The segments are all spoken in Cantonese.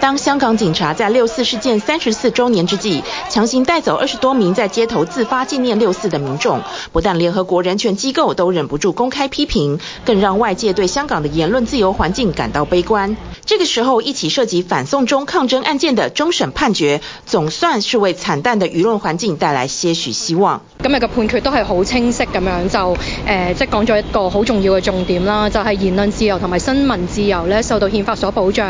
當香港警察在六四事件三十四周年之際，強行帶走二十多名在街頭自發紀念六四的民眾，不但聯合國人權機構都忍不住公開批評，更讓外界對香港的言論自由環境感到悲觀。這個時候，一起涉及反送中抗爭案件的終審判決，總算是為慘淡的輿論環境帶來些許希望。今日嘅判決都係好清晰咁樣，就誒、呃，即講咗一個好重要嘅重點啦，就係、是、言論自由同埋新聞自由受到憲法所保障。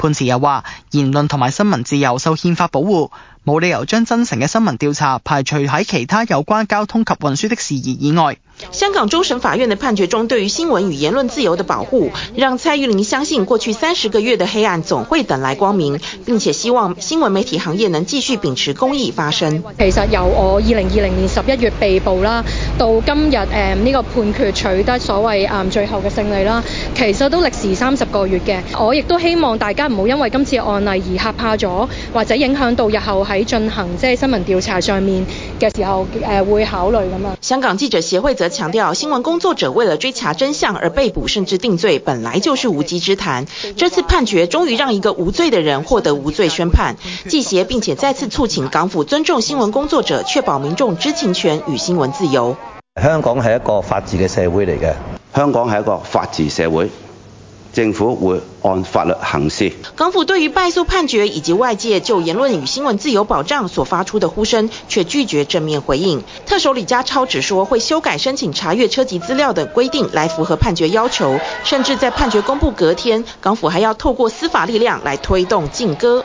判詞又話，言論同埋新聞自由受憲法保護，冇理由將真誠嘅新聞調查排除喺其他有關交通及運輸的事宜以外。香港終審法院的判決中，對於新聞與言論自由的保護，讓蔡玉玲相信過去三十個月的黑暗總會等來光明，並且希望新聞媒體行業能繼續秉持公義發聲。其實由我二零二零年十一月被捕啦，到今日誒呢個判決取得所謂誒、嗯、最後嘅勝利啦，其實都歷時三十個月嘅。我亦都希望大家唔好因為今次案例而嚇怕咗，或者影響到日後喺進行即係、就是、新聞調查上面嘅時候誒、嗯、會考慮咁樣。香港記者協會則。強調新聞工作者為了追查真相而被捕甚至定罪，本來就是無稽之談。這次判決終於讓一個無罪的人獲得無罪宣判。記協並且再次促請港府尊重新聞工作者，確保民眾知情權與新聞自由。香港係一個法治嘅社會嚟嘅，香港係一個法治社會。政府會按法律行事。港府對於敗訴判決以及外界就言論與新聞自由保障所發出的呼聲，卻拒絕正面回應。特首李家超只說會修改申請查閱車籍資料等規定，來符合判決要求。甚至在判決公布隔天，港府還要透過司法力量來推動禁歌。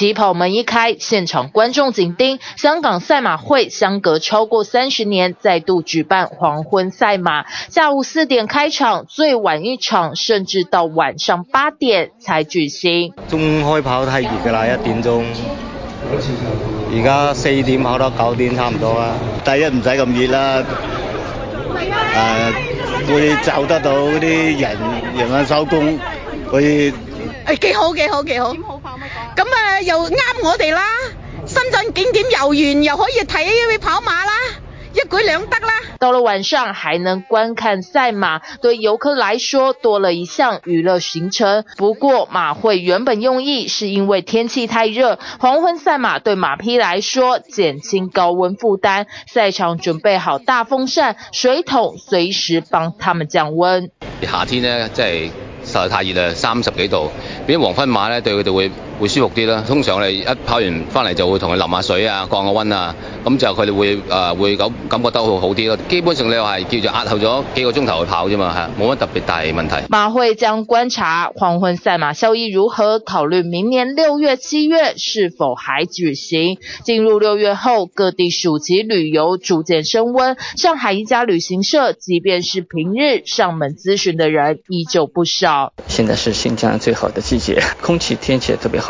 起跑門一開，現場觀眾緊盯。香港賽馬會相隔超過三十年再度舉辦黃昏賽馬，下午四點開場，最晚一場甚至到晚上八點才舉行。中午開跑太熱噶啦，一點鐘，而家四點跑到九點差唔多啦。第一唔使咁熱啦，誒、呃，會找得到啲人，人啊收工，可以。誒、哎，幾好幾好幾好。幾好咁、嗯、啊，又啱我哋啦！深圳景點遊完又可以睇一位跑馬啦，一舉兩得啦！到了晚上還能觀看賽馬，對遊客來說多了一項娛樂行程。不過馬會原本用意是因為天氣太熱，黃昏賽馬對馬匹來說減輕高溫負擔，賽場準備好大風扇、水桶，隨時幫他們降溫。夏天呢真係實在太熱啦，三十幾度，畀黃昏馬咧，對佢哋會。會舒服啲啦。通常我哋一跑完翻嚟就會同佢淋下水啊，降下溫啊，咁就佢哋會誒、呃、會感感覺到好啲咯。基本上你又係叫做壓後咗幾個鐘頭去跑啫嘛，嚇，冇乜特別大問題。馬會將觀察黃昏賽馬效益如何，考慮明年六月、七月是否還舉行？進入六月後，各地暑期旅遊逐漸升溫。上海一家旅行社，即便是平日上門諮詢的人，依舊不少。現在是新疆最好的季節，空氣天氣特別好。